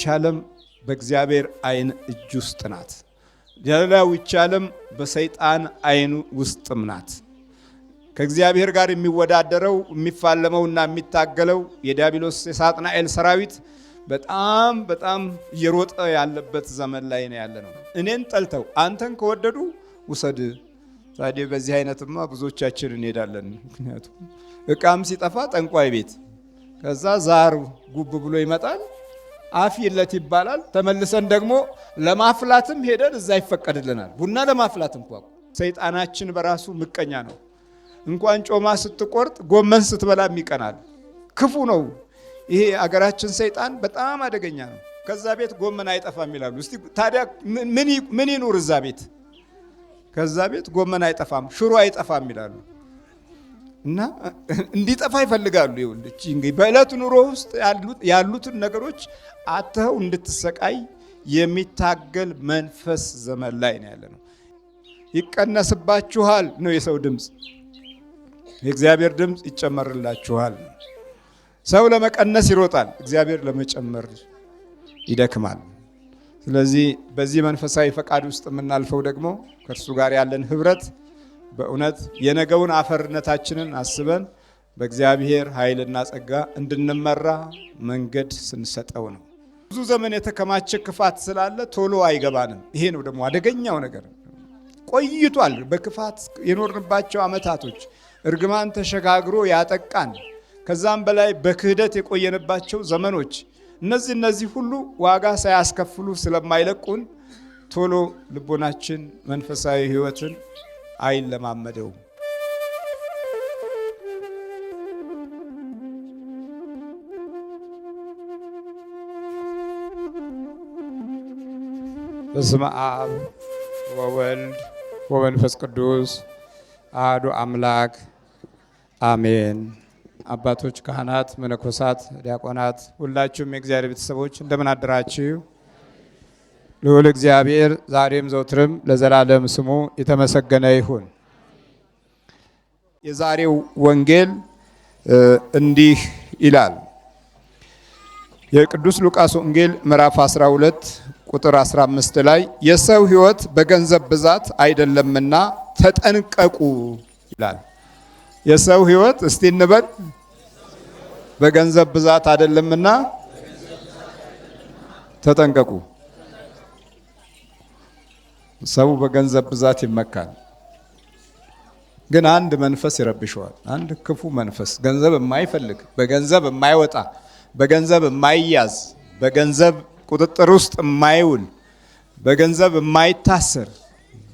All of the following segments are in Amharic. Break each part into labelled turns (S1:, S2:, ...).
S1: ይህች ዓለም በእግዚአብሔር ዓይን እጅ ውስጥ ናት። ሌላው ይህች ዓለም በሰይጣን ዓይን ውስጥም ናት። ከእግዚአብሔር ጋር የሚወዳደረው የሚፋለመውና የሚታገለው የዲያብሎስ የሳጥናኤል ሰራዊት በጣም በጣም እየሮጠ ያለበት ዘመን ላይ ነው ያለ ነው። እኔን ጠልተው አንተን ከወደዱ ውሰድ። ታዲያ በዚህ አይነትማ ብዙዎቻችን እንሄዳለን። ምክንያቱም እቃም ሲጠፋ ጠንቋይ ቤት ከዛ ዛር ጉብ ብሎ ይመጣል። አፍ ይባላል። ተመልሰን ደግሞ ለማፍላትም ሄደን እዛ ይፈቀድልናል። ቡና ለማፍላት እንኳ ሰይጣናችን በራሱ ምቀኛ ነው። እንኳን ጮማ ስትቆርጥ ጎመን ስትበላም ይቀናል። ክፉ ነው ይሄ አገራችን ሰይጣን በጣም አደገኛ ነው። ከዛ ቤት ጎመን አይጠፋም ይላሉ። እስቲ ታዲያ ምን ይኑር እዛ ቤት? ከዛ ቤት ጎመን አይጠፋም፣ ሽሮ አይጠፋም ይላሉ። እና እንዲጠፋ ይፈልጋሉ። ይኸውልህ እንግዲህ በዕለቱ ኑሮ ውስጥ ያሉትን ነገሮች አተው እንድትሰቃይ የሚታገል መንፈስ ዘመን ላይ ነው ያለ ነው። ይቀነስባችኋል ነው የሰው ድምፅ፣ የእግዚአብሔር ድምፅ ይጨመርላችኋል። ሰው ለመቀነስ ይሮጣል፣ እግዚአብሔር ለመጨመር ይደክማል። ስለዚህ በዚህ መንፈሳዊ ፈቃድ ውስጥ የምናልፈው ደግሞ ከእርሱ ጋር ያለን ህብረት በእውነት የነገውን አፈርነታችንን አስበን በእግዚአብሔር ኃይልና ጸጋ እንድንመራ መንገድ ስንሰጠው ነው። ብዙ ዘመን የተከማቸ ክፋት ስላለ ቶሎ አይገባንም። ይሄ ነው ደግሞ አደገኛው ነገር። ቆይቷል በክፋት የኖርንባቸው ዓመታቶች እርግማን ተሸጋግሮ ያጠቃን፣ ከዛም በላይ በክህደት የቆየንባቸው ዘመኖች እነዚህ እነዚህ ሁሉ ዋጋ ሳያስከፍሉ ስለማይለቁን ቶሎ ልቦናችን መንፈሳዊ ሕይወትን አይለማመደውም። በስመ አብ ወወልድ ወመንፈስ ቅዱስ አህዱ አምላክ አሜን። አባቶች፣ ካህናት፣ መነኮሳት፣ ዲያቆናት ሁላችሁም የእግዚአብሔር ቤተሰቦች እንደምን አደራችሁ? ልዑል እግዚአብሔር ዛሬም ዘውትርም ለዘላለም ስሙ የተመሰገነ ይሁን። የዛሬው ወንጌል እንዲህ ይላል። የቅዱስ ሉቃስ ወንጌል ምዕራፍ 12 ቁጥር 15 ላይ የሰው ሕይወት በገንዘብ ብዛት አይደለምና ተጠንቀቁ ይላል። የሰው ሕይወት እስቲ እንበል በገንዘብ ብዛት አይደለምና ተጠንቀቁ። ሰው በገንዘብ ብዛት ይመካል፣ ግን አንድ መንፈስ ይረብሸዋል። አንድ ክፉ መንፈስ ገንዘብ የማይፈልግ በገንዘብ የማይወጣ በገንዘብ የማይያዝ በገንዘብ ቁጥጥር ውስጥ የማይውል በገንዘብ የማይታሰር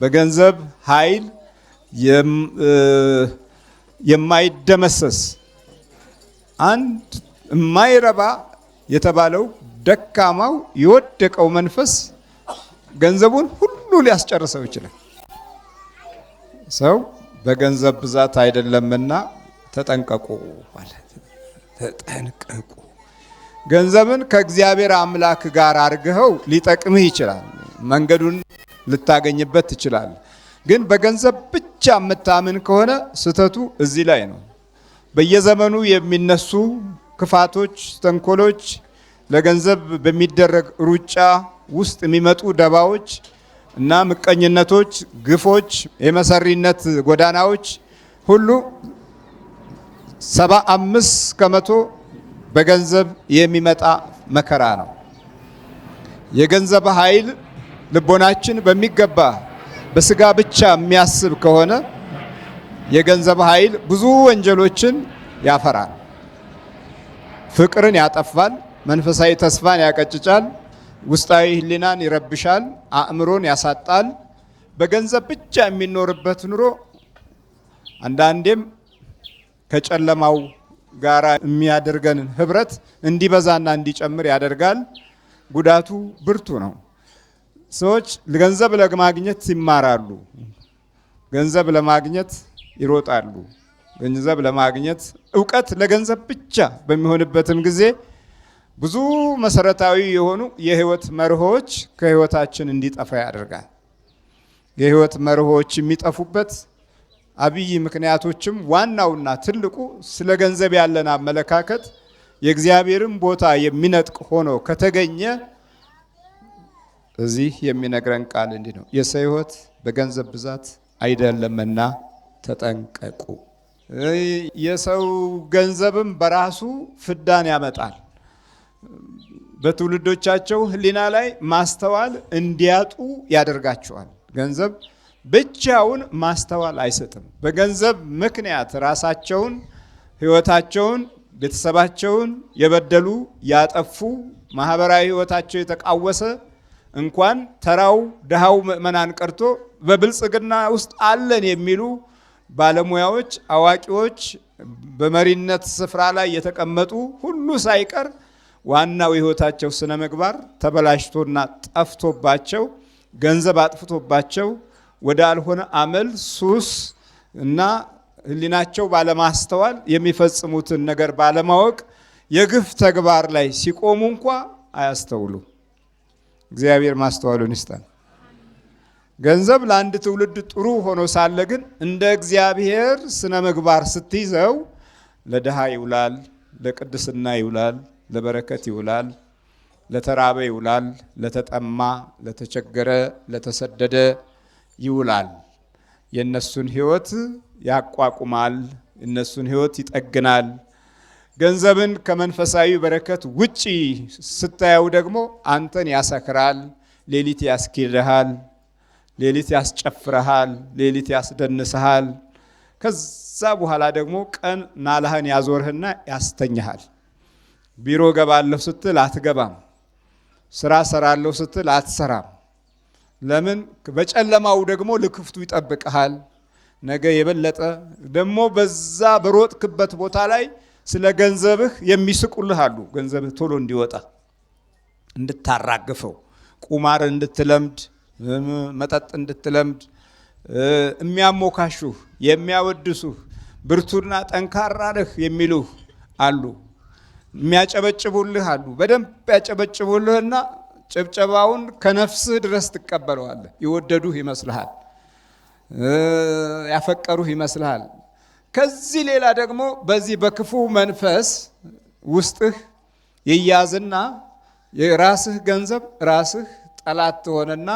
S1: በገንዘብ ኃይል የማይደመሰስ አንድ የማይረባ የተባለው ደካማው የወደቀው መንፈስ ገንዘቡን ሁሉ ሁሉ ሊያስጨርሰው ይችላል። ሰው በገንዘብ ብዛት አይደለምና ተጠንቀቁ ማለት ተጠንቀቁ። ገንዘብን ከእግዚአብሔር አምላክ ጋር አድርገኸው ሊጠቅምህ ይችላል። መንገዱን ልታገኝበት ትችላል። ግን በገንዘብ ብቻ የምታምን ከሆነ ስህተቱ እዚህ ላይ ነው። በየዘመኑ የሚነሱ ክፋቶች፣ ተንኮሎች፣ ለገንዘብ በሚደረግ ሩጫ ውስጥ የሚመጡ ደባዎች እና ምቀኝነቶች፣ ግፎች፣ የመሰሪነት ጎዳናዎች ሁሉ ሰባ አምስት ከመቶ በገንዘብ የሚመጣ መከራ ነው። የገንዘብ ኃይል ልቦናችን በሚገባ በስጋ ብቻ የሚያስብ ከሆነ የገንዘብ ኃይል ብዙ ወንጀሎችን ያፈራል። ፍቅርን ያጠፋል። መንፈሳዊ ተስፋን ያቀጭጫል። ውስጣዊ ህሊናን ይረብሻል፣ አእምሮን ያሳጣል። በገንዘብ ብቻ የሚኖርበት ኑሮ አንዳንዴም ከጨለማው ጋራ የሚያደርገን ህብረት እንዲበዛና እንዲጨምር ያደርጋል። ጉዳቱ ብርቱ ነው። ሰዎች ገንዘብ ለማግኘት ይማራሉ፣ ገንዘብ ለማግኘት ይሮጣሉ፣ ገንዘብ ለማግኘት እውቀት ለገንዘብ ብቻ በሚሆንበትም ጊዜ ብዙ መሰረታዊ የሆኑ የህይወት መርሆች ከህይወታችን እንዲጠፋ ያደርጋል። የህይወት መርሆች የሚጠፉበት አብይ ምክንያቶችም ዋናውና ትልቁ ስለ ገንዘብ ያለን አመለካከት የእግዚአብሔርን ቦታ የሚነጥቅ ሆኖ ከተገኘ እዚህ የሚነግረን ቃል እንዲህ ነው፣ የሰው ህይወት በገንዘብ ብዛት አይደለምና ተጠንቀቁ። የሰው ገንዘብም በራሱ ፍዳን ያመጣል። በትውልዶቻቸው ህሊና ላይ ማስተዋል እንዲያጡ ያደርጋቸዋል። ገንዘብ ብቻውን ማስተዋል አይሰጥም። በገንዘብ ምክንያት ራሳቸውን፣ ህይወታቸውን፣ ቤተሰባቸውን የበደሉ ያጠፉ፣ ማህበራዊ ህይወታቸው የተቃወሰ እንኳን ተራው ድሃው ምዕመናን ቀርቶ በብልጽግና ውስጥ አለን የሚሉ ባለሙያዎች፣ አዋቂዎች፣ በመሪነት ስፍራ ላይ የተቀመጡ ሁሉ ሳይቀር ዋናው የህይወታቸው ስነ ምግባር ተበላሽቶና ጠፍቶባቸው ገንዘብ አጥፍቶባቸው ወደ አልሆነ አመል፣ ሱስ እና ህሊናቸው ባለማስተዋል የሚፈጽሙትን ነገር ባለማወቅ የግፍ ተግባር ላይ ሲቆሙ እንኳ አያስተውሉ። እግዚአብሔር ማስተዋሉን ይስጣል። ገንዘብ ለአንድ ትውልድ ጥሩ ሆኖ ሳለ ግን እንደ እግዚአብሔር ስነ ምግባር ስትይዘው ለድሃ ይውላል፣ ለቅድስና ይውላል ለበረከት ይውላል፣ ለተራበ ይውላል፣ ለተጠማ፣ ለተቸገረ፣ ለተሰደደ ይውላል። የእነሱን ሕይወት ያቋቁማል፣ የእነሱን ሕይወት ይጠግናል። ገንዘብን ከመንፈሳዊ በረከት ውጪ ስታየው ደግሞ አንተን ያሰክራል፣ ሌሊት ያስኬድሃል፣ ሌሊት ያስጨፍረሃል፣ ሌሊት ያስደንስሃል። ከዛ በኋላ ደግሞ ቀን ናላህን ያዞርህና ያስተኛሃል። ቢሮ ገባለሁ ስትል አትገባም። ስራ ሰራለሁ ስትል አትሰራም። ለምን? በጨለማው ደግሞ ልክፍቱ ይጠብቀሃል። ነገ የበለጠ ደግሞ በዛ በሮጥክበት ቦታ ላይ ስለ ገንዘብህ የሚስቁልህ አሉ። ገንዘብህ ቶሎ እንዲወጣ እንድታራግፈው፣ ቁማር እንድትለምድ፣ መጠጥ እንድትለምድ፣ የሚያሞካሹህ፣ የሚያወድሱህ፣ ብርቱና ጠንካራ ነህ የሚሉህ አሉ። የሚያጨበጭቡልህ አሉ። በደንብ ያጨበጭቡልህና ጭብጨባውን ከነፍስህ ድረስ ትቀበለዋለህ። የወደዱህ ይመስልሃል፣ ያፈቀሩህ ይመስልሃል። ከዚህ ሌላ ደግሞ በዚህ በክፉ መንፈስ ውስጥህ ይያዝና የራስህ ገንዘብ ራስህ ጠላት ትሆነና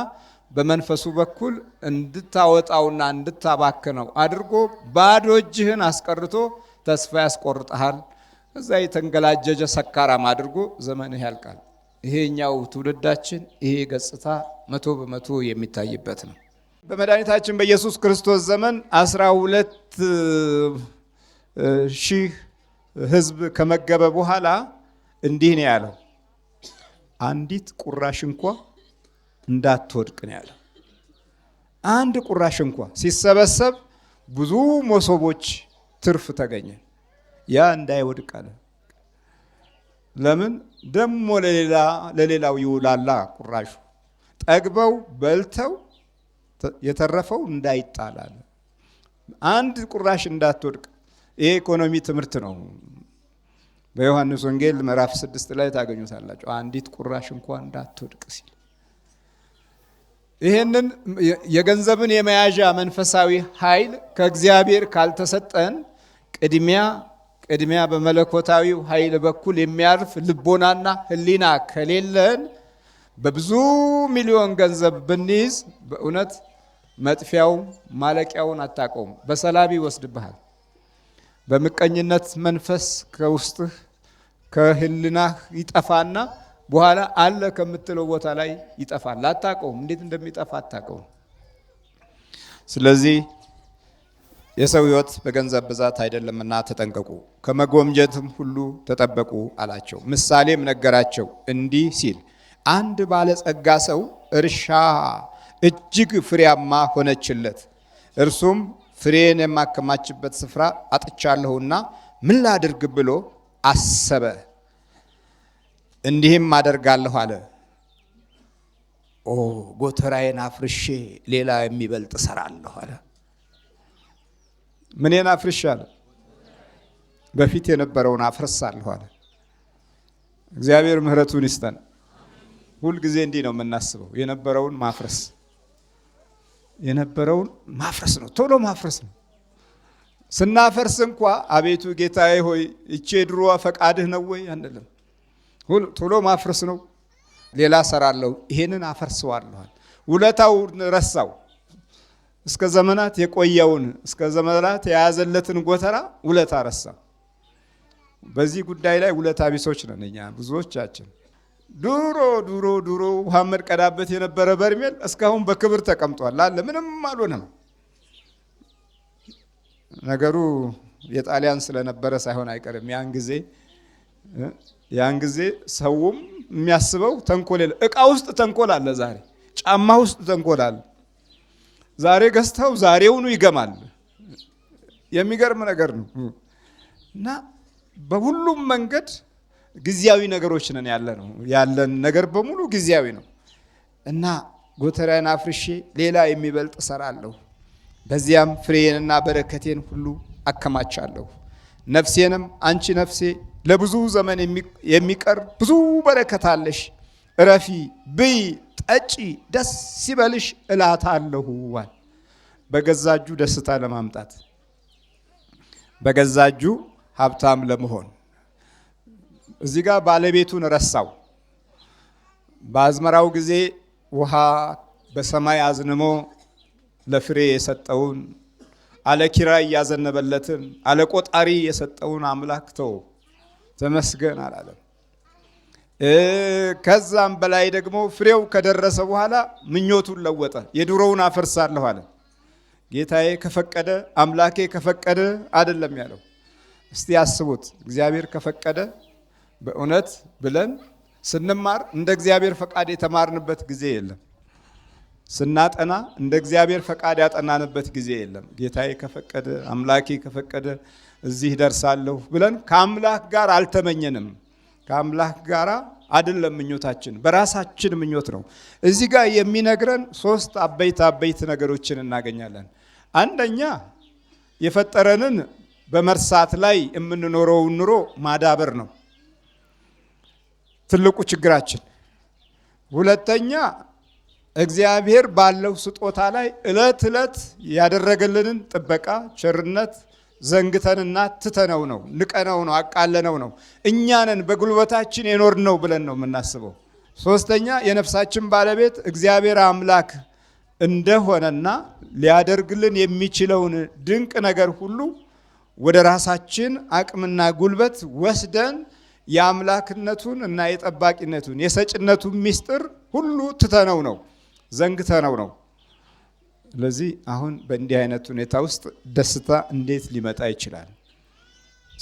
S1: በመንፈሱ በኩል እንድታወጣውና እንድታባክነው አድርጎ ባዶ እጅህን አስቀርቶ ተስፋ ያስቆርጠሃል። እዛ የተንገላጀጀ ሰካራም አድርጎ ዘመንህ ያልቃል። ይሄኛው ትውልዳችን ይሄ ገጽታ መቶ በመቶ የሚታይበት ነው። በመድኃኒታችን በኢየሱስ ክርስቶስ ዘመን አስራ ሁለት ሺህ ህዝብ ከመገበ በኋላ እንዲህ ነው ያለው፣ አንዲት ቁራሽ እንኳ እንዳትወድቅ ነው ያለው። አንድ ቁራሽ እንኳ ሲሰበሰብ ብዙ መሶቦች ትርፍ ተገኘ። ያ እንዳይወድቅ አለ። ለምን ደሞ ለሌላው ይውላላ። ቁራሹ ጠግበው በልተው የተረፈው እንዳይጣላል። አንድ ቁራሽ እንዳትወድቅ። ይሄ ኢኮኖሚ ትምህርት ነው። በዮሐንስ ወንጌል ምዕራፍ ስድስት ላይ ታገኙታላችሁ። አንዲት ቁራሽ እንኳን እንዳትወድቅ ሲል ይህንን የገንዘብን የመያዣ መንፈሳዊ ኃይል ከእግዚአብሔር ካልተሰጠን ቅድሚያ ቅድሚያ በመለኮታዊው ኃይል በኩል የሚያርፍ ልቦናና ሕሊና ከሌለን በብዙ ሚሊዮን ገንዘብ ብንይዝ በእውነት መጥፊያው ማለቂያውን አታቀውም። በሰላም ይወስድብሃል። በምቀኝነት መንፈስ ከውስጥህ ከህልናህ ይጠፋና በኋላ አለ ከምትለው ቦታ ላይ ይጠፋል። አታውቀውም። እንዴት እንደሚጠፋ አታቀውም። ስለዚህ የሰው ሕይወት በገንዘብ ብዛት አይደለምና ተጠንቀቁ፣ ከመጎምጀትም ሁሉ ተጠበቁ አላቸው። ምሳሌም ነገራቸው እንዲህ ሲል አንድ ባለጸጋ ሰው እርሻ እጅግ ፍሬያማ ሆነችለት። እርሱም ፍሬን የማከማችበት ስፍራ አጥቻለሁና ምን ላድርግ ብሎ አሰበ። እንዲህም አደርጋለሁ አለ። ኦ ጎተራዬን አፍርሼ ሌላ የሚበልጥ እሰራለሁ አለ። ምኔን አለ በፊት የነበረውን አፈርሳለሁ አለ። እግዚአብሔር ምሕረቱን ይስጠን። ሁልጊዜ እንዲህ ነው የምናስበው፣ የነበረውን ማፍረስ የነበረውን ማፍረስ ነው፣ ቶሎ ማፍረስ ነው። ስናፈርስ እንኳ አቤቱ ጌታዬ ሆይ እቼ ድሮ ፈቃድህ ነው ወይ አንልም። ቶሎ ማፍረስ ነው። ሌላ ሰራለሁ፣ ይሄንን አፈርሰዋለኋል። ውለታውን ረሳው። እስከ ዘመናት የቆየውን እስከ ዘመናት የያዘለትን ጎተራ ውለታ ረሳ። በዚህ ጉዳይ ላይ ውለታ ቢሶች ነን እኛ ብዙዎቻችን። ድሮ ድሮ ድሮ ሙሐመድ ቀዳበት የነበረ በርሜል እስካሁን በክብር ተቀምጧል አለ። ምንም አልሆነም። ነገሩ የጣሊያን ስለነበረ ሳይሆን አይቀርም። ያን ጊዜ ያን ጊዜ ሰውም የሚያስበው ተንኮል የለ። እቃ ውስጥ ተንኮል አለ፣ ዛሬ ጫማ ውስጥ ተንኮል አለ። ዛሬ ገዝተው ዛሬውኑ ይገማል። የሚገርም ነገር ነው እና በሁሉም መንገድ ጊዜያዊ ነገሮች ነን ያለ ነው። ያለን ነገር በሙሉ ጊዜያዊ ነው እና ጎተራዬን አፍርሼ ሌላ የሚበልጥ እሰራለሁ፣ በዚያም ፍሬዬንና በረከቴን ሁሉ አከማቻለሁ። ነፍሴንም አንቺ ነፍሴ ለብዙ ዘመን የሚቀር ብዙ በረከት አለሽ፣ እረፊ ብይ ጠጪ ደስ ሲበልሽ እላታለሁ ዋል በገዛ እጁ ደስታ ለማምጣት በገዛ እጁ ሀብታም ለመሆን እዚህ ጋር ባለቤቱን ረሳው። በአዝመራው ጊዜ ውሃ በሰማይ አዝንሞ ለፍሬ የሰጠውን አለ ኪራይ እያዘነበለትን አለ ቆጣሪ የሰጠውን አምላክ ተው ተመስገን አላለም። ከዛም በላይ ደግሞ ፍሬው ከደረሰ በኋላ ምኞቱን ለወጠ። የድሮውን አፈርሳለሁ አለ። ጌታዬ ከፈቀደ አምላኬ ከፈቀደ አይደለም ያለው። እስቲ ያስቡት፣ እግዚአብሔር ከፈቀደ በእውነት ብለን ስንማር እንደ እግዚአብሔር ፈቃድ የተማርንበት ጊዜ የለም። ስናጠና እንደ እግዚአብሔር ፈቃድ ያጠናንበት ጊዜ የለም። ጌታዬ ከፈቀደ አምላኬ ከፈቀደ እዚህ ደርሳለሁ ብለን ከአምላክ ጋር አልተመኘንም። ከአምላክ ጋር አይደለም ምኞታችን፣ በራሳችን ምኞት ነው። እዚህ ጋር የሚነግረን ሶስት አበይት አበይት ነገሮችን እናገኛለን። አንደኛ የፈጠረንን በመርሳት ላይ የምንኖረውን ኑሮ ማዳበር ነው ትልቁ ችግራችን። ሁለተኛ እግዚአብሔር ባለው ስጦታ ላይ እለት እለት ያደረገልንን ጥበቃ፣ ቸርነት ዘንግተንና ትተነው ነው፣ ንቀነው ነው፣ አቃለነው ነው። እኛንን በጉልበታችን የኖርነው ብለን ነው የምናስበው። ሶስተኛ የነፍሳችን ባለቤት እግዚአብሔር አምላክ እንደሆነና ሊያደርግልን የሚችለውን ድንቅ ነገር ሁሉ ወደ ራሳችን አቅምና ጉልበት ወስደን የአምላክነቱን እና የጠባቂነቱን የሰጭነቱን ምስጢር ሁሉ ትተነው ነው ዘንግተነው ነው። ስለዚህ አሁን በእንዲህ አይነት ሁኔታ ውስጥ ደስታ እንዴት ሊመጣ ይችላል?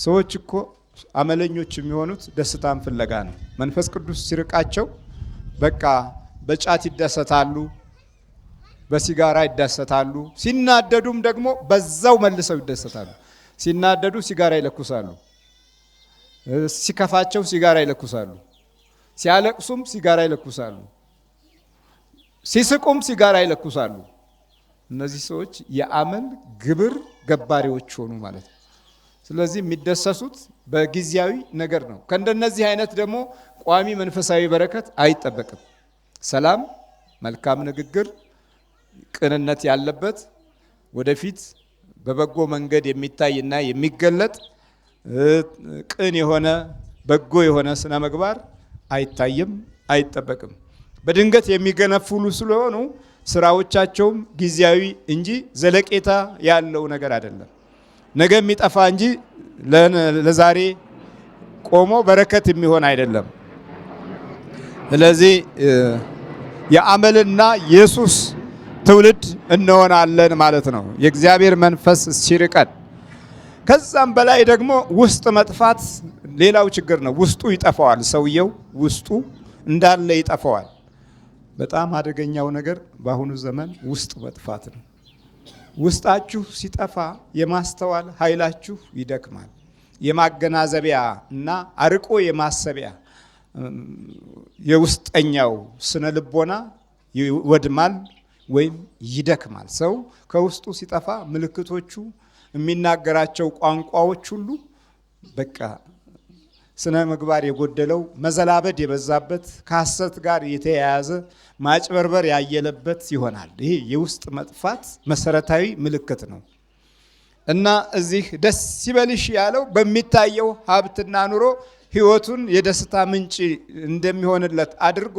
S1: ሰዎች እኮ አመለኞች የሚሆኑት ደስታን ፍለጋ ነው። መንፈስ ቅዱስ ሲርቃቸው በቃ በጫት ይደሰታሉ፣ በሲጋራ ይደሰታሉ። ሲናደዱም ደግሞ በዛው መልሰው ይደሰታሉ። ሲናደዱ ሲጋራ ይለኩሳሉ፣ ሲከፋቸው ሲጋራ ይለኩሳሉ፣ ሲያለቅሱም ሲጋራ ይለኩሳሉ፣ ሲስቁም ሲጋራ ይለኩሳሉ። እነዚህ ሰዎች የአመል ግብር ገባሪዎች ሆኑ ማለት ነው። ስለዚህ የሚደሰሱት በጊዜያዊ ነገር ነው። ከእንደነዚህ አይነት ደግሞ ቋሚ መንፈሳዊ በረከት አይጠበቅም። ሰላም፣ መልካም ንግግር፣ ቅንነት ያለበት ወደፊት በበጎ መንገድ የሚታይ እና የሚገለጥ ቅን የሆነ በጎ የሆነ ስነ ምግባር አይታይም፣ አይጠበቅም። በድንገት የሚገነፍሉ ስለሆኑ ስራዎቻቸውም ጊዜያዊ እንጂ ዘለቄታ ያለው ነገር አይደለም። ነገ የሚጠፋ እንጂ ለዛሬ ቆሞ በረከት የሚሆን አይደለም። ስለዚህ የአመልና የሱስ ትውልድ እንሆናለን ማለት ነው የእግዚአብሔር መንፈስ ሲርቀን። ከዛም በላይ ደግሞ ውስጥ መጥፋት ሌላው ችግር ነው። ውስጡ ይጠፋዋል። ሰውየው ውስጡ እንዳለ ይጠፋዋል። በጣም አደገኛው ነገር በአሁኑ ዘመን ውስጥ መጥፋት ነው። ውስጣችሁ ሲጠፋ የማስተዋል ኃይላችሁ ይደክማል። የማገናዘቢያ እና አርቆ የማሰቢያ የውስጠኛው ስነ ልቦና ይወድማል ወይም ይደክማል። ሰው ከውስጡ ሲጠፋ ምልክቶቹ፣ የሚናገራቸው ቋንቋዎች ሁሉ በቃ ስነ ምግባር የጎደለው መዘላበድ የበዛበት ከሐሰት ጋር የተያያዘ ማጭበርበር ያየለበት ይሆናል። ይሄ የውስጥ መጥፋት መሰረታዊ ምልክት ነው እና እዚህ ደስ ሲበልሽ ያለው በሚታየው ሀብትና ኑሮ ህይወቱን የደስታ ምንጭ እንደሚሆንለት አድርጎ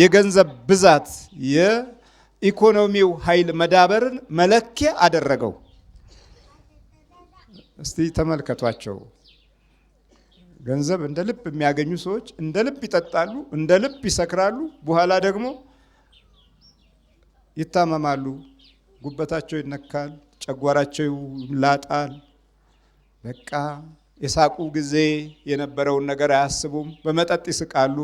S1: የገንዘብ ብዛት የኢኮኖሚው ኃይል መዳበርን መለኪያ አደረገው። እስቲ ተመልከቷቸው። ገንዘብ እንደ ልብ የሚያገኙ ሰዎች እንደ ልብ ይጠጣሉ፣ እንደ ልብ ይሰክራሉ። በኋላ ደግሞ ይታመማሉ፣ ጉበታቸው ይነካል፣ ጨጓራቸው ይላጣል። በቃ የሳቁ ጊዜ የነበረውን ነገር አያስቡም። በመጠጥ ይስቃሉ፣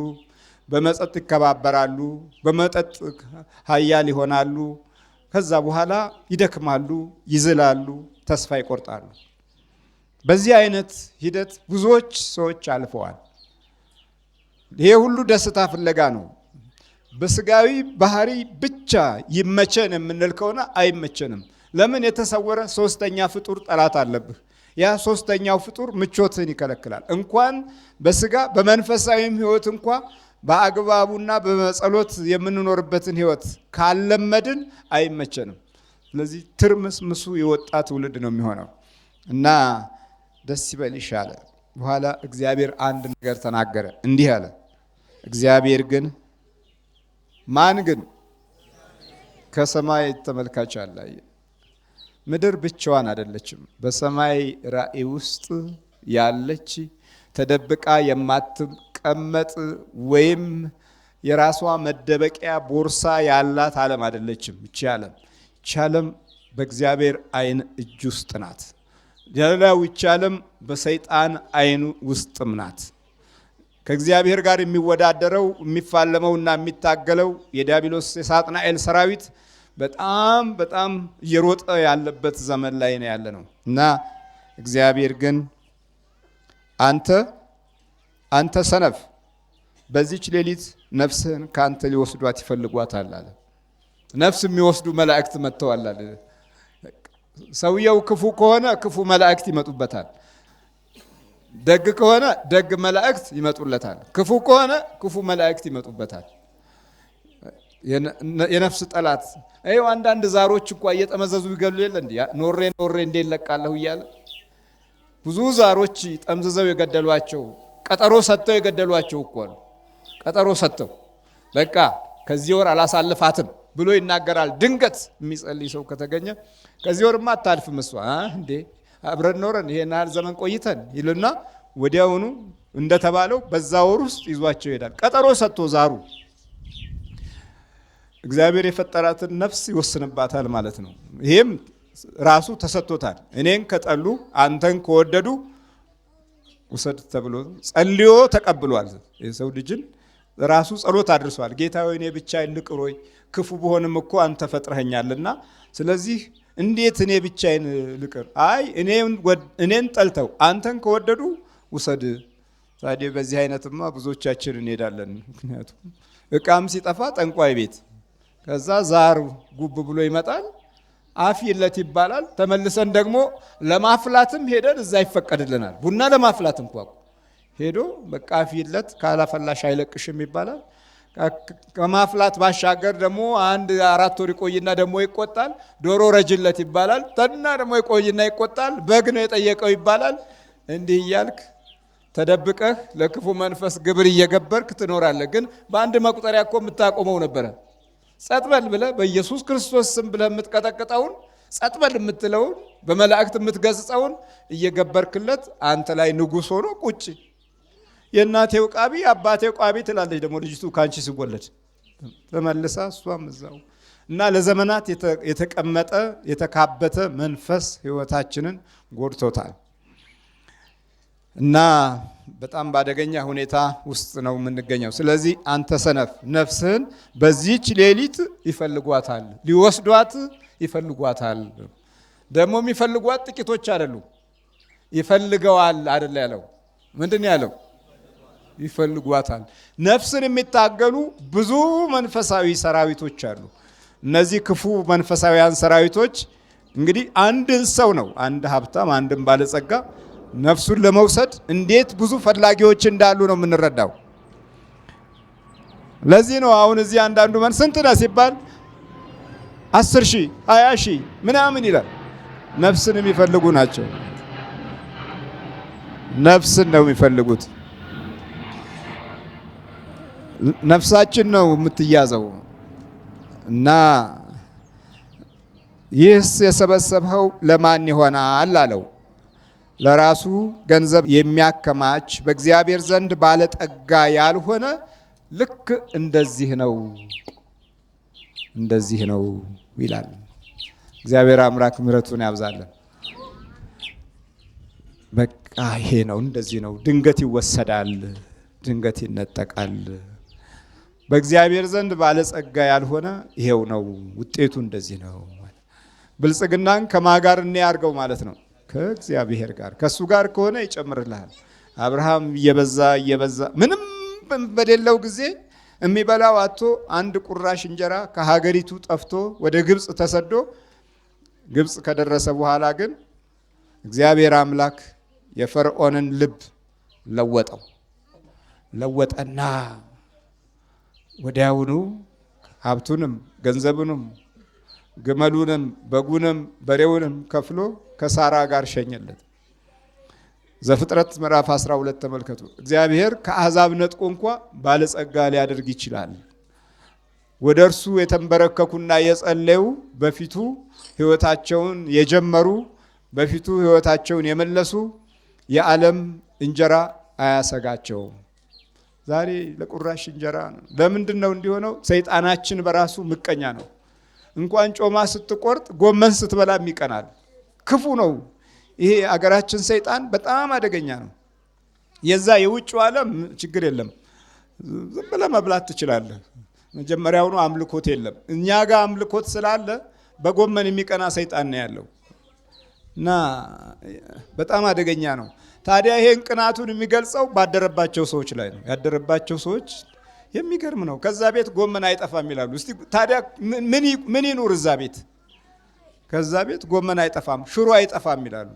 S1: በመጠጥ ይከባበራሉ፣ በመጠጥ ሀያል ይሆናሉ። ከዛ በኋላ ይደክማሉ፣ ይዝላሉ፣ ተስፋ ይቆርጣሉ። በዚህ አይነት ሂደት ብዙዎች ሰዎች አልፈዋል። ይሄ ሁሉ ደስታ ፍለጋ ነው። በስጋዊ ባህሪ ብቻ ይመቸን የምንል ከሆነ አይመቸንም። ለምን? የተሰወረ ሶስተኛ ፍጡር ጠላት አለብህ። ያ ሶስተኛው ፍጡር ምቾትን ይከለክላል። እንኳን በስጋ በመንፈሳዊም ህይወት እንኳ በአግባቡና በመጸሎት የምንኖርበትን ህይወት ካለመድን አይመቸንም። ስለዚህ ምሱ የወጣ ትውልድ ነው የሚሆነው እና ደስ ይበልሽ አለ። በኋላ እግዚአብሔር አንድ ነገር ተናገረ፣ እንዲህ አለ። እግዚአብሔር ግን ማን ግን ከሰማይ ተመልካች አላየ። ምድር ብቻዋን አይደለችም። በሰማይ ራእይ ውስጥ ያለች ተደብቃ የማትቀመጥ ወይም የራሷ መደበቂያ ቦርሳ ያላት ዓለም አይደለችም። ይቺ ዓለም ይቺ ዓለም በእግዚአብሔር አይን እጅ ውስጥ ናት። ሌላዊች ዓለም በሰይጣን ዓይን ውስጥም ናት። ከእግዚአብሔር ጋር የሚወዳደረው የሚፋለመውና የሚታገለው የዲያብሎስ የሳጥናኤል ሰራዊት በጣም በጣም እየሮጠ ያለበት ዘመን ላይ ነው ያለ ነው እና እግዚአብሔር ግን አንተ አንተ ሰነፍ በዚች ሌሊት ነፍስህን ከአንተ ሊወስዷት ይፈልጓታል አለ። ነፍስ የሚወስዱ መላእክት መጥተዋል አለ። ሰውየው ክፉ ከሆነ ክፉ መላእክት ይመጡበታል። ደግ ከሆነ ደግ መላእክት ይመጡለታል። ክፉ ከሆነ ክፉ መላእክት ይመጡበታል። የነፍስ ጠላት ይኸው አንዳንድ ዛሮች እኳ እየጠመዘዙ ይገሉ የለ እንዲ ኖሬ ኖሬ እንዴ ለቃለሁ እያለ ብዙ ዛሮች ጠምዝዘው የገደሏቸው ቀጠሮ ሰጥተው የገደሏቸው እኮ ነው። ቀጠሮ ሰጥተው በቃ ከዚህ ወር አላሳልፋትም ብሎ ይናገራል። ድንገት የሚጸልይ ሰው ከተገኘ ከዚህ ወርማ አታልፍም እሷ እንዴ አብረን ኖረን ይሄን ያህል ዘመን ቆይተን ይልና ወዲያውኑ እንደተባለው በዛ ወር ውስጥ ይዟቸው ይሄዳል። ቀጠሮ ሰጥቶ ዛሩ እግዚአብሔር የፈጠራትን ነፍስ ይወስንባታል ማለት ነው። ይህም ራሱ ተሰጥቶታል። እኔን ከጠሉ አንተን ከወደዱ ውሰድ ተብሎ ጸልዮ ተቀብሏል። የሰው ልጅን ራሱ ጸሎት አድርሷል። ጌታ ሆይ እኔ ብቻዬን ክፉ ብሆንም እኮ አንተ ፈጥረኸኛልና፣ ስለዚህ እንዴት እኔ ብቻዬን ልቅር? አይ እኔን ጠልተው አንተን ከወደዱ ውሰድ። ታዲያ በዚህ አይነትማ ብዙዎቻችን እንሄዳለን። ምክንያቱም እቃም ሲጠፋ ጠንቋይ ቤት፣ ከዛ ዛር ጉብ ብሎ ይመጣል። አፍ ይለት ይባላል። ተመልሰን ደግሞ ለማፍላትም ሄደን እዛ ይፈቀድልናል። ቡና ለማፍላት እንኳ ሄዶ በቃ አፍ ይለት ካላፈላሽ አይለቅሽም ይባላል። ከማፍላት ባሻገር ደግሞ አንድ አራት ወር ይቆይና ደግሞ ይቆጣል። ዶሮ ረጅለት ይባላል። ተና ደግሞ ይቆይና ይቆጣል። በግ ነው የጠየቀው ይባላል። እንዲህ እያልክ ተደብቀህ ለክፉ መንፈስ ግብር እየገበርክ ትኖራለህ። ግን በአንድ መቁጠሪያ እኮ የምታቆመው ነበረ። ጸጥበል ብለህ በኢየሱስ ክርስቶስ ስም ብለህ የምትቀጠቅጠውን ጸጥበል የምትለውን በመላእክት የምትገጽጸውን እየገበርክለት አንተ ላይ ንጉሥ ሆኖ ቁጭ የእናቴው ቃቢ አባቴው ቋቢ ትላለች። ደግሞ ልጅቱ ከአንቺ ሲወለድ ተመልሳ እሷም እዛው እና ለዘመናት የተቀመጠ የተካበተ መንፈስ ህይወታችንን ጎድቶታል እና በጣም በአደገኛ ሁኔታ ውስጥ ነው የምንገኘው። ስለዚህ አንተ ሰነፍ ነፍስህን በዚች ሌሊት ይፈልጓታል፣ ሊወስዷት ይፈልጓታል። ደግሞ የሚፈልጓት ጥቂቶች አይደሉ፣ ይፈልገዋል አይደለ ያለው ምንድን ያለው ይፈልጓታል። ነፍስን የሚታገሉ ብዙ መንፈሳዊ ሰራዊቶች አሉ። እነዚህ ክፉ መንፈሳዊያን ሰራዊቶች እንግዲህ አንድን ሰው ነው አንድ ሀብታም፣ አንድን ባለጸጋ ነፍሱን ለመውሰድ እንዴት ብዙ ፈላጊዎች እንዳሉ ነው የምንረዳው። ለዚህ ነው አሁን እዚህ አንዳንዱ መን ስንት ነህ ሲባል አስር ሺህ ሀያ ሺህ ምናምን ይላል። ነፍስን የሚፈልጉ ናቸው። ነፍስን ነው የሚፈልጉት። ነፍሳችን ነው የምትያዘው እና ይህስ የሰበሰብኸው ለማን ይሆናል አለው። ለራሱ ገንዘብ የሚያከማች በእግዚአብሔር ዘንድ ባለጠጋ ያልሆነ ልክ እንደዚህ ነው እንደዚህ ነው ይላል። እግዚአብሔር አምላክ ምሕረቱን ያብዛለን። በቃ ይሄ ነው እንደዚህ ነው። ድንገት ይወሰዳል፣ ድንገት ይነጠቃል። በእግዚአብሔር ዘንድ ባለጸጋ ያልሆነ ይሄው ነው ውጤቱ እንደዚህ ነው። ብልጽግናን ከማጋር እኔ ያርገው ማለት ነው ከእግዚአብሔር ጋር ከእሱ ጋር ከሆነ ይጨምርልሃል። አብርሃም እየበዛ እየበዛ ምንም በሌለው ጊዜ የሚበላው አቶ አንድ ቁራሽ እንጀራ ከሀገሪቱ ጠፍቶ ወደ ግብፅ ተሰዶ ግብፅ ከደረሰ በኋላ ግን እግዚአብሔር አምላክ የፈርዖንን ልብ ለወጠው ለወጠና ወዲያውኑ ሀብቱንም ገንዘቡንም ግመሉንም በጉንም በሬውንም ከፍሎ ከሳራ ጋር ሸኘለት። ዘፍጥረት ምዕራፍ 12 ተመልከቱ። እግዚአብሔር ከአሕዛብ ነጥቆ እንኳ ባለጸጋ ሊያደርግ ይችላል። ወደ እርሱ የተንበረከኩና የጸለዩ በፊቱ ሕይወታቸውን የጀመሩ በፊቱ ሕይወታቸውን የመለሱ የዓለም እንጀራ አያሰጋቸውም። ዛሬ ለቁራሽ እንጀራ ነው። ለምንድን ነው እንዲሆነው? ሰይጣናችን በራሱ ምቀኛ ነው። እንኳን ጮማ ስትቆርጥ ጎመን ስትበላም ይቀናል። ክፉ ነው። ይሄ አገራችን ሰይጣን በጣም አደገኛ ነው። የዛ የውጭው ዓለም ችግር የለም፣ ዝም ብለህ መብላት ትችላለህ። መጀመሪያውኑ አምልኮት የለም። እኛ ጋር አምልኮት ስላለ በጎመን የሚቀና ሰይጣን ነው ያለው እና በጣም አደገኛ ነው። ታዲያ ይሄን ቅናቱን የሚገልጸው ባደረባቸው ሰዎች ላይ ነው። ያደረባቸው ሰዎች የሚገርም ነው። ከዛ ቤት ጎመን አይጠፋም ይላሉ። እስቲ ታዲያ ምን ይኑር እዛ ቤት? ከዛ ቤት ጎመን አይጠፋም፣ ሽሮ አይጠፋም ይላሉ።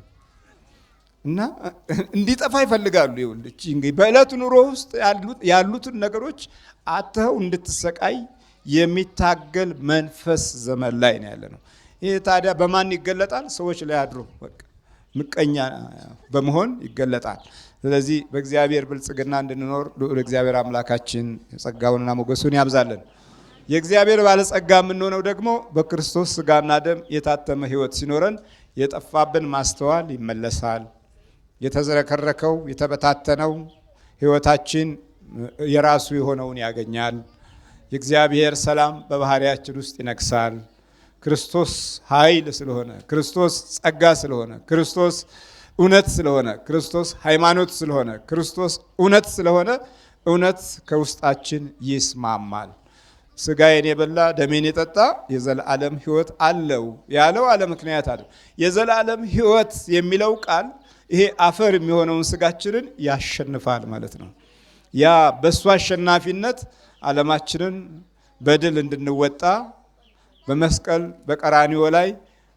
S1: እና እንዲጠፋ ይፈልጋሉ። ይኸውልህ እንግዲህ በዕለት ኑሮ ውስጥ ያሉትን ነገሮች አትኸው እንድትሰቃይ የሚታገል መንፈስ ዘመን ላይ ነው ያለ ነው። ይህ ታዲያ በማን ይገለጣል? ሰዎች ላይ አድሮ በቃ ምቀኛ በመሆን ይገለጣል። ስለዚህ በእግዚአብሔር ብልጽግና እንድንኖር ልዑል እግዚአብሔር አምላካችን ጸጋውንና ሞገሱን ያብዛለን። የእግዚአብሔር ባለጸጋ የምንሆነው ደግሞ በክርስቶስ ስጋና ደም የታተመ ህይወት ሲኖረን የጠፋብን ማስተዋል ይመለሳል። የተዝረከረከው የተበታተነው ህይወታችን የራሱ የሆነውን ያገኛል። የእግዚአብሔር ሰላም በባህሪያችን ውስጥ ይነግሳል። ክርስቶስ ኃይል ስለሆነ፣ ክርስቶስ ጸጋ ስለሆነ፣ ክርስቶስ እውነት ስለሆነ፣ ክርስቶስ ሃይማኖት ስለሆነ፣ ክርስቶስ እውነት ስለሆነ እውነት ከውስጣችን ይስማማል። ስጋዬን የበላ ደሜን የጠጣ የዘላለም ሕይወት አለው ያለው አለ ምክንያት አለ። የዘላለም ሕይወት የሚለው ቃል ይሄ አፈር የሚሆነውን ስጋችንን ያሸንፋል ማለት ነው። ያ በእሱ አሸናፊነት ዓለማችንን በድል እንድንወጣ በመስቀል በቀራኒዮ ላይ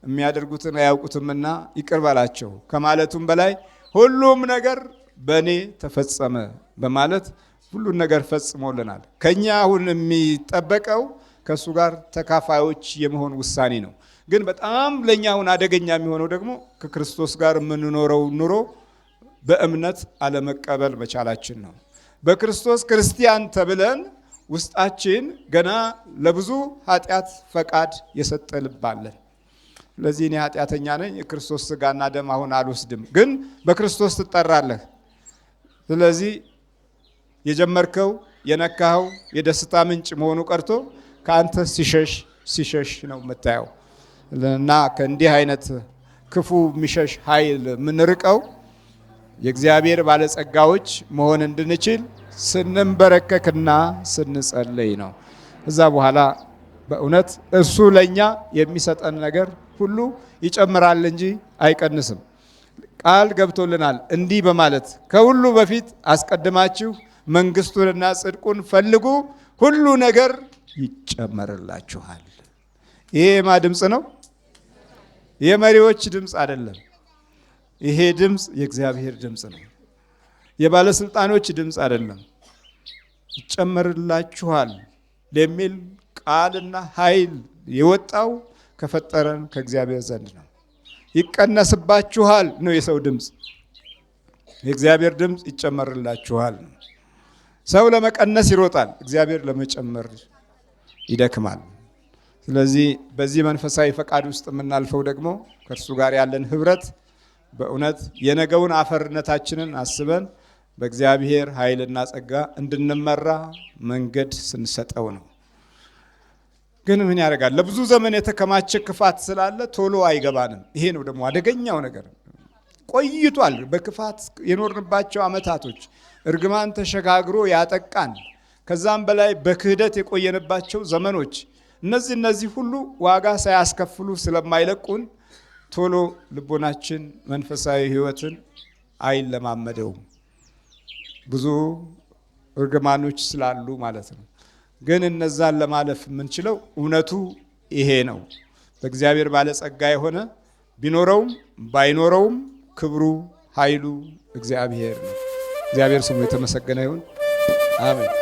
S1: የሚያደርጉትን አያውቁትምና ይቅር በላቸው ከማለቱም በላይ ሁሉም ነገር በእኔ ተፈጸመ በማለት ሁሉን ነገር ፈጽሞልናል። ከኛ አሁን የሚጠበቀው ከእሱ ጋር ተካፋዮች የመሆን ውሳኔ ነው። ግን በጣም ለእኛ አሁን አደገኛ የሚሆነው ደግሞ ከክርስቶስ ጋር የምንኖረው ኑሮ በእምነት አለመቀበል መቻላችን ነው። በክርስቶስ ክርስቲያን ተብለን ውስጣችን ገና ለብዙ ኃጢአት ፈቃድ የሰጠ ልብ አለን። ስለዚህ እኔ ኃጢአተኛ ነኝ፣ የክርስቶስ ስጋና ደም አሁን አልወስድም፣ ግን በክርስቶስ ትጠራለህ። ስለዚህ የጀመርከው የነካኸው የደስታ ምንጭ መሆኑ ቀርቶ ከአንተ ሲሸሽ ሲሸሽ ነው የምታየው እና ከእንዲህ አይነት ክፉ የሚሸሽ ኃይል የምንርቀው የእግዚአብሔር ባለጸጋዎች መሆን እንድንችል ስንንበረከክና ስንጸለይ ነው። ከዛ በኋላ በእውነት እሱ ለእኛ የሚሰጠን ነገር ሁሉ ይጨምራል እንጂ አይቀንስም። ቃል ገብቶልናል እንዲህ በማለት ከሁሉ በፊት አስቀድማችሁ መንግስቱንና ጽድቁን ፈልጉ፣ ሁሉ ነገር ይጨመርላችኋል። ይሄ የማ ድምፅ ነው? የመሪዎች ድምፅ አይደለም። ይሄ ድምፅ የእግዚአብሔር ድምፅ ነው። የባለስልጣኖች ድምፅ አይደለም። ይጨመርላችኋል ለሚል ቃልና ኃይል የወጣው ከፈጠረን ከእግዚአብሔር ዘንድ ነው። ይቀነስባችኋል ነው የሰው ድምፅ። የእግዚአብሔር ድምፅ ይጨመርላችኋል ነው። ሰው ለመቀነስ ይሮጣል፣ እግዚአብሔር ለመጨመር ይደክማል። ስለዚህ በዚህ መንፈሳዊ ፈቃድ ውስጥ የምናልፈው ደግሞ ከእርሱ ጋር ያለን ህብረት በእውነት የነገውን አፈርነታችንን አስበን በእግዚአብሔር ኃይልና ጸጋ እንድንመራ መንገድ ስንሰጠው ነው። ግን ምን ያደርጋል? ለብዙ ዘመን የተከማቸ ክፋት ስላለ ቶሎ አይገባንም። ይሄ ነው ደግሞ አደገኛው ነገር። ቆይቷል። በክፋት የኖርንባቸው አመታቶች እርግማን ተሸጋግሮ ያጠቃን። ከዛም በላይ በክህደት የቆየንባቸው ዘመኖች እነዚህ እነዚህ ሁሉ ዋጋ ሳያስከፍሉ ስለማይለቁን ቶሎ ልቦናችን መንፈሳዊ አይን አይለማመደውም። ብዙ እርግማኖች ስላሉ ማለት ነው። ግን እነዛን ለማለፍ የምንችለው እውነቱ ይሄ ነው። በእግዚአብሔር ባለጸጋ የሆነ ቢኖረውም ባይኖረውም ክብሩ ኃይሉ እግዚአብሔር ነው። እግዚአብሔር ስሙ የተመሰገነ ይሁን። አሜን።